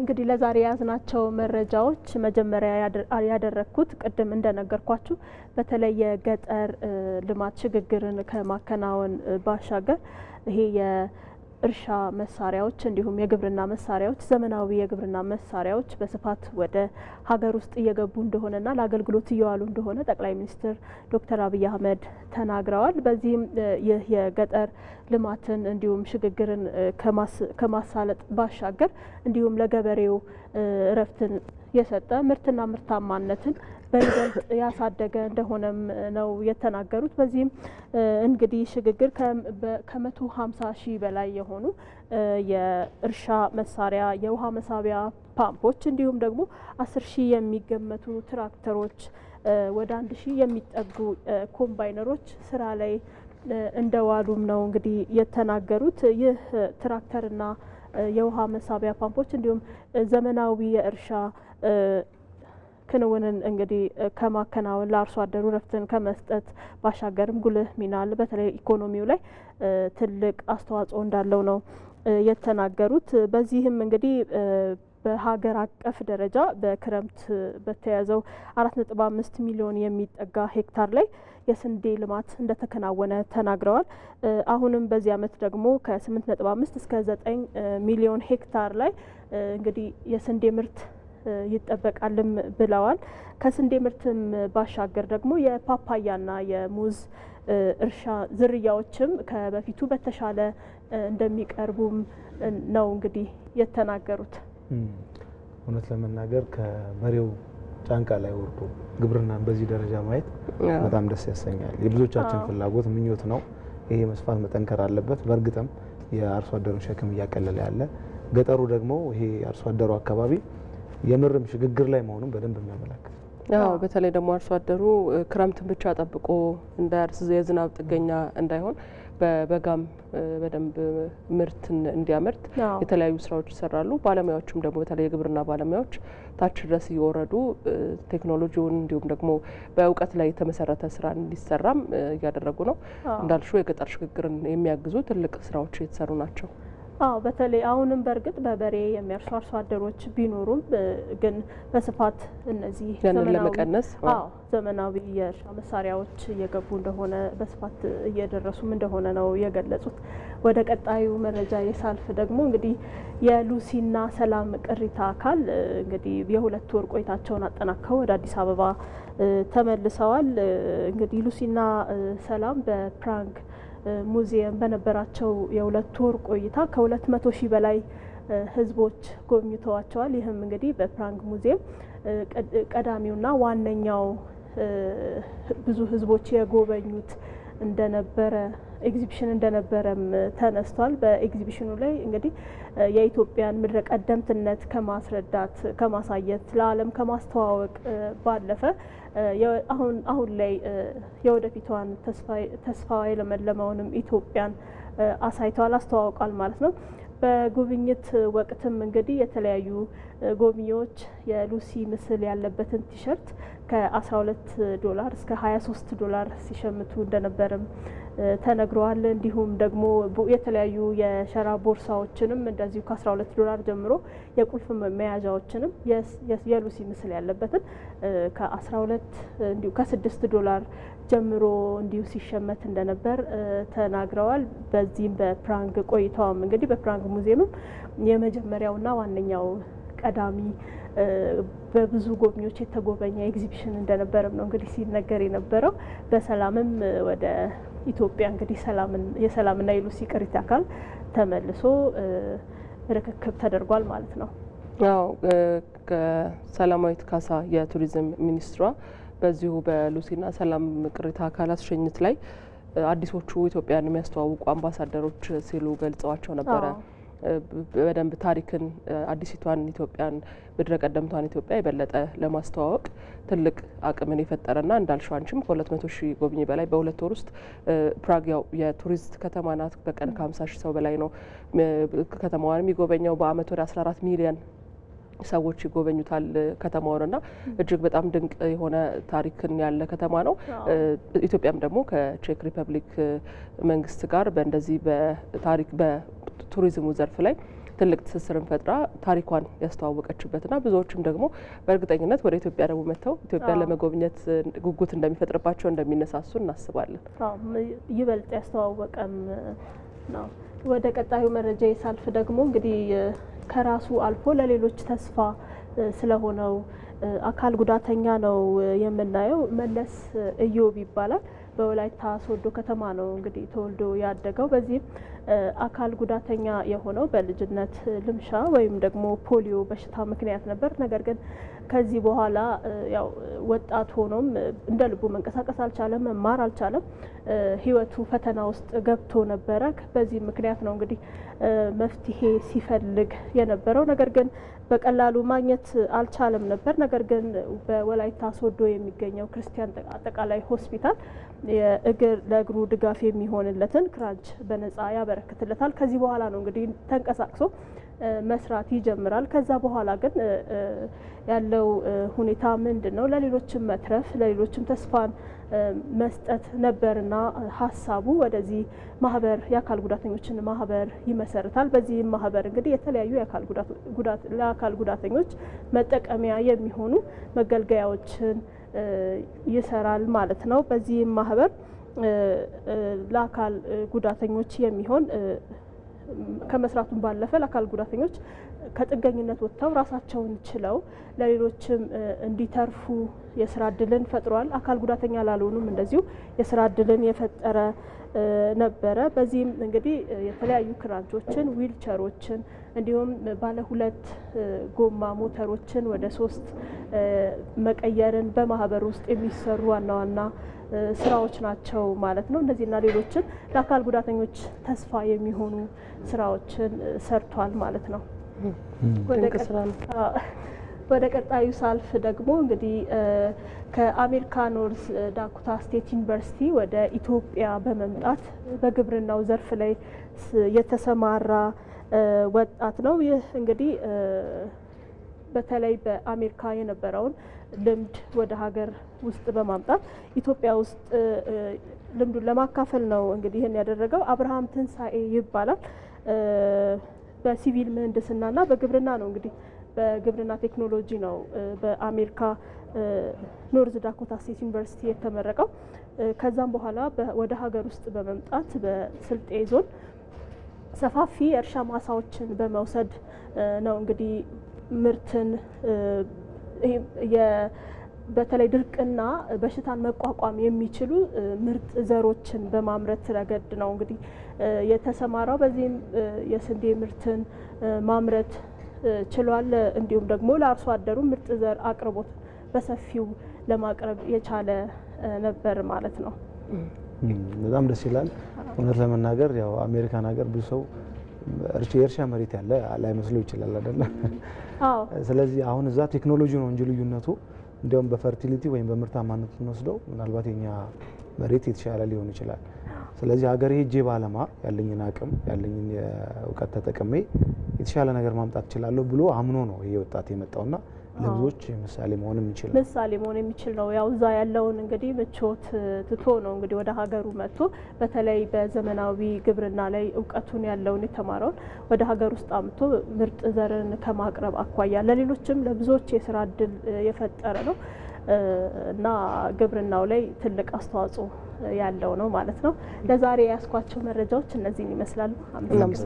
እንግዲህ ለዛሬ የያዝናቸው መረጃዎች መጀመሪያ ያደረግኩት ቅድም እንደነገርኳችሁ በተለይ የገጠር ልማት ሽግግርን ከማከናወን ባሻገር ይሄ እርሻ መሳሪያዎች እንዲሁም የግብርና መሳሪያዎች ዘመናዊ የግብርና መሳሪያዎች በስፋት ወደ ሀገር ውስጥ እየገቡ እንደሆነና ለአገልግሎት እየዋሉ እንደሆነ ጠቅላይ ሚኒስትር ዶክተር አብይ አህመድ ተናግረዋል። በዚህም ይህ የገጠር ልማትን እንዲሁም ሽግግርን ከማሳለጥ ባሻገር እንዲሁም ለገበሬው እረፍትን የሰጠ ምርትና ምርታማነትን በይበልጥ ያሳደገ እንደሆነም ነው የተናገሩት። በዚህም እንግዲህ ሽግግር ከመቶ ሀምሳ ሺህ በላይ የሆኑ የእርሻ መሳሪያ፣ የውሃ መሳቢያ ፓምፖች እንዲሁም ደግሞ አስር ሺህ የሚገመቱ ትራክተሮች፣ ወደ አንድ ሺህ የሚጠጉ ኮምባይነሮች ስራ ላይ እንደዋሉም ነው እንግዲህ የተናገሩት ይህ ትራክተርና የውሃ መሳቢያ ፓምፖች እንዲሁም ዘመናዊ የእርሻ ክንውንን እንግዲህ ከማከናወን ለአርሶ አደሩ ረፍትን ከመስጠት ባሻገርም ጉልህ ሚናል በተለይ ኢኮኖሚው ላይ ትልቅ አስተዋጽኦ እንዳለው ነው የተናገሩት። በዚህም እንግዲህ በሀገር አቀፍ ደረጃ በክረምት በተያዘው አራት ነጥብ አምስት ሚሊዮን የሚጠጋ ሄክታር ላይ የስንዴ ልማት እንደተከናወነ ተናግረዋል። አሁንም በዚህ አመት ደግሞ ከ8.5 እስከ 9 ሚሊዮን ሄክታር ላይ እንግዲህ የስንዴ ምርት ይጠበቃልም ብለዋል። ከስንዴ ምርትም ባሻገር ደግሞ የፓፓያና የሙዝ እርሻ ዝርያዎችም ከበፊቱ በተሻለ እንደሚቀርቡም ነው እንግዲህ የተናገሩት። እውነት ለመናገር ከበሬው ጫንቃ ላይ ወርዶ ግብርናን በዚህ ደረጃ ማየት በጣም ደስ ያሰኛል። የብዙዎቻችን ፍላጎት ምኞት ነው። ይሄ መስፋት መጠንከር አለበት። በእርግጥም የአርሶ አደሩን ሸክም እያቀለለ ያለ ገጠሩ ደግሞ ይሄ አርሶ አደሩ አካባቢ የምርም ሽግግር ላይ መሆኑን በደንብ የሚያመላክት አዎ በተለይ ደግሞ አርሶ አደሩ ክረምትን ብቻ ጠብቆ እንዳያርስ የዝናብ ጥገኛ እንዳይሆን በበጋም በደንብ ምርት እንዲያመርት የተለያዩ ስራዎች ይሰራሉ። ባለሙያዎችም ደግሞ በተለይ የግብርና ባለሙያዎች ታች ድረስ እየወረዱ ቴክኖሎጂውን እንዲሁም ደግሞ በእውቀት ላይ የተመሰረተ ስራ እንዲሰራም እያደረጉ ነው። እንዳልሹ የገጠር ሽግግርን የሚያግዙ ትልቅ ስራዎች እየተሰሩ ናቸው። አዎ በተለይ አሁንም በእርግጥ በበሬ የሚያርሱ አርሶ አደሮች ቢኖሩም ግን በስፋት እነዚህ ለመቀነስ ዘመናዊ የእርሻ መሳሪያዎች እየገቡ እንደሆነ በስፋት እየደረሱም እንደሆነ ነው የገለጹት። ወደ ቀጣዩ መረጃ የሳልፍ ደግሞ እንግዲህ የሉሲና ሰላም ቅሪታ አካል እንግዲህ የሁለት ወር ቆይታቸውን አጠናከው ወደ አዲስ አበባ ተመልሰዋል። እንግዲህ ሉሲና ሰላም በፕራንክ ሙዚየም በነበራቸው የሁለት ወር ቆይታ ከሁለት መቶ ሺህ በላይ ህዝቦች ጎብኝተዋቸዋል። ይህም እንግዲህ በፕራንግ ሙዚየም ቀዳሚውና ዋነኛው ብዙ ህዝቦች የጎበኙት እንደነበረ ኤግዚቢሽን እንደነበረም ተነስቷል። በኤግዚቢሽኑ ላይ እንግዲህ የኢትዮጵያን ምድረ ቀደምትነት ከማስረዳት ከማሳየት፣ ለዓለም ከማስተዋወቅ ባለፈ አሁን አሁን ላይ የወደፊቷን ተስፋ የለመለመውንም ኢትዮጵያን አሳይቷል፣ አስተዋውቋል ማለት ነው። በጉብኝት ወቅትም እንግዲህ የተለያዩ ጎብኚዎች የሉሲ ምስል ያለበትን ቲሸርት ከ12 ዶላር እስከ 23 ዶላር ሲሸምቱ እንደነበርም ተነግረዋል። እንዲሁም ደግሞ የተለያዩ የሸራ ቦርሳዎችንም እንደዚሁ ከ12 ዶላር ጀምሮ የቁልፍ መያዣዎችንም የሉሲ ምስል ያለበትን ከ12 እንዲሁ ከ6 ዶላር ጀምሮ እንዲሁ ሲሸመት እንደነበር ተናግረዋል። በዚህም በፕራንግ ቆይተዋም እንግዲህ በፕራንግ ሙዚየምም የመጀመሪያውና ዋነኛው ቀዳሚ በብዙ ጎብኚዎች የተጎበኘ ኤግዚቢሽን እንደነበረም ነው እንግዲህ ሲነገር የነበረው። በሰላምም ወደ ኢትዮጵያ እንግዲህ የሰላምና የሉሲ ቅሪት አካል ተመልሶ ርክክብ ተደርጓል ማለት ነው። አዎ ከሰላማዊት ካሳ የቱሪዝም ሚኒስትሯ በዚሁ በሉሲና ሰላም ቅሪታ አካላት ሽኝት ላይ አዲሶቹ ኢትዮጵያን የሚያስተዋውቁ አምባሳደሮች ሲሉ ገልጸዋቸው ነበረ። በደንብ ታሪክን አዲሲቷን ኢትዮጵያን ምድረ ቀደምቷን ኢትዮጵያ የበለጠ ለማስተዋወቅ ትልቅ አቅምን የፈጠረና እንዳልሽው አንቺም ከሁለት መቶ ሺህ ጎብኚ በላይ በሁለት ወር ውስጥ ፕራግ ያው የቱሪስት ከተማ ናት። በቀን ከሀምሳ ሺህ ሰው በላይ ነው ከተማዋን የሚጎበኘው። በአመት ወደ አስራ አራት ሚሊየን ሰዎች ይጎበኙታል ከተማውንና እጅግ በጣም ድንቅ የሆነ ታሪክን ያለ ከተማ ነው። ኢትዮጵያም ደግሞ ከቼክ ሪፐብሊክ መንግስት ጋር በእንደዚህ በታሪክ ቱሪዝሙ ዘርፍ ላይ ትልቅ ትስስርን ፈጥራ ታሪኳን ያስተዋወቀችበትና ብዙዎችም ደግሞ በእርግጠኝነት ወደ ኢትዮጵያ ደግሞ መጥተው ኢትዮጵያን ለመጎብኘት ጉጉት እንደሚፈጥርባቸው እንደሚነሳሱ እናስባለን። ይበልጥ ያስተዋወቀም ነው። ወደ ቀጣዩ መረጃ የሳልፍ ደግሞ እንግዲህ ከራሱ አልፎ ለሌሎች ተስፋ ስለሆነው አካል ጉዳተኛ ነው የምናየው። መለስ እዮብ ይባላል። በወላይታ ሶዶ ከተማ ነው እንግዲህ ተወልዶ ያደገው። በዚህም አካል ጉዳተኛ የሆነው በልጅነት ልምሻ ወይም ደግሞ ፖሊዮ በሽታ ምክንያት ነበር። ነገር ግን ከዚህ በኋላ ያው ወጣት ሆኖም እንደ ልቡ መንቀሳቀስ አልቻለም፣ መማር አልቻለም። ህይወቱ ፈተና ውስጥ ገብቶ ነበረ። በዚህ ምክንያት ነው እንግዲህ መፍትሄ ሲፈልግ የነበረው። ነገር ግን በቀላሉ ማግኘት አልቻለም ነበር። ነገር ግን በወላይታ ሶዶ የሚገኘው ክርስቲያን አጠቃላይ ሆስፒታል የእግር ለእግሩ ድጋፍ የሚሆንለትን ክራንች በነጻ ያበረ ይበረክትለታል። ከዚህ በኋላ ነው እንግዲህ ተንቀሳቅሶ መስራት ይጀምራል። ከዛ በኋላ ግን ያለው ሁኔታ ምንድን ነው? ለሌሎችም መትረፍ ለሌሎችም ተስፋን መስጠት ነበርና ሀሳቡ ወደዚህ ማህበር የአካል ጉዳተኞችን ማህበር ይመሰርታል። በዚህም ማህበር እንግዲህ የተለያዩ ለአካል ጉዳተኞች መጠቀሚያ የሚሆኑ መገልገያዎችን ይሰራል ማለት ነው። በዚህም ማህበር ለአካል ጉዳተኞች የሚሆን ከመስራቱን ባለፈ ለአካል ጉዳተኞች ከጥገኝነት ወጥተው ራሳቸውን ችለው ለሌሎችም እንዲተርፉ የስራ እድልን ፈጥሯል። አካል ጉዳተኛ ላልሆኑም እንደዚሁ የስራ እድልን የፈጠረ ነበረ። በዚህም እንግዲህ የተለያዩ ክራንቾችን፣ ዊልቸሮችን እንዲሁም ባለ ሁለት ጎማ ሞተሮችን ወደ ሶስት መቀየርን በማህበር ውስጥ የሚሰሩ ዋና ዋና ስራዎች ናቸው ማለት ነው። እነዚህና ሌሎችን ለአካል ጉዳተኞች ተስፋ የሚሆኑ ስራዎችን ሰርቷል ማለት ነው። ወደ ቀጣዩ ሳልፍ ደግሞ እንግዲህ ከአሜሪካ ኖርዝ ዳኮታ ስቴት ዩኒቨርሲቲ ወደ ኢትዮጵያ በመምጣት በግብርናው ዘርፍ ላይ የተሰማራ ወጣት ነው። ይህ እንግዲህ በተለይ በአሜሪካ የነበረውን ልምድ ወደ ሀገር ውስጥ በማምጣት ኢትዮጵያ ውስጥ ልምዱን ለማካፈል ነው እንግዲህ ይህን ያደረገው። አብርሃም ትንሳኤ ይባላል። በሲቪል ምህንድስናና በግብርና ነው እንግዲህ በግብርና ቴክኖሎጂ ነው በአሜሪካ ኖርዝ ዳኮታ ስቴት ዩኒቨርሲቲ የተመረቀው። ከዛም በኋላ ወደ ሀገር ውስጥ በመምጣት በስልጤ ዞን ሰፋፊ የእርሻ ማሳዎችን በመውሰድ ነው እንግዲህ ምርትን በተለይ ድርቅና በሽታን መቋቋም የሚችሉ ምርጥ ዘሮችን በማምረት ረገድ ነው እንግዲህ የተሰማራው። በዚህም የስንዴ ምርትን ማምረት ችሏል። እንዲሁም ደግሞ ለአርሶ አደሩ ምርጥ ዘር አቅርቦት በሰፊው ለማቅረብ የቻለ ነበር ማለት ነው። በጣም ደስ ይላል። እውነት ለመናገር ያው አሜሪካን ሀገር ብዙ ሰው የእርሻ መሬት ያለ ላይመስለው ይችላል አይደለ? ስለዚህ አሁን እዛ ቴክኖሎጂ ነው እንጂ ልዩነቱ እንዲያውም በፈርቲሊቲ ወይም በምርታማነት ስንወስደው ምናልባት የኛ መሬት የተሻለ ሊሆን ይችላል። ስለዚህ ሀገር ሄጄ ባለማ ያለኝን አቅም ያለኝን እውቀት ተጠቅሜ የተሻለ ነገር ማምጣት እችላለሁ ብሎ አምኖ ነው ይሄ ወጣት የመጣውና ለብዙዎች ምሳሌ መሆን የሚችል ምሳሌ መሆን የሚችል ነው። ያው እዛ ያለውን እንግዲህ ምቾት ትቶ ነው እንግዲህ ወደ ሀገሩ መጥቶ በተለይ በዘመናዊ ግብርና ላይ እውቀቱን ያለውን የተማረውን ወደ ሀገር ውስጥ አምቶ ምርጥ ዘርን ከማቅረብ አኳያ ለሌሎችም ለብዙዎች የስራ እድል የፈጠረ ነው እና ግብርናው ላይ ትልቅ አስተዋጽኦ ያለው ነው ማለት ነው። ለዛሬ ያስኳቸው መረጃዎች እነዚህን ይመስላሉ።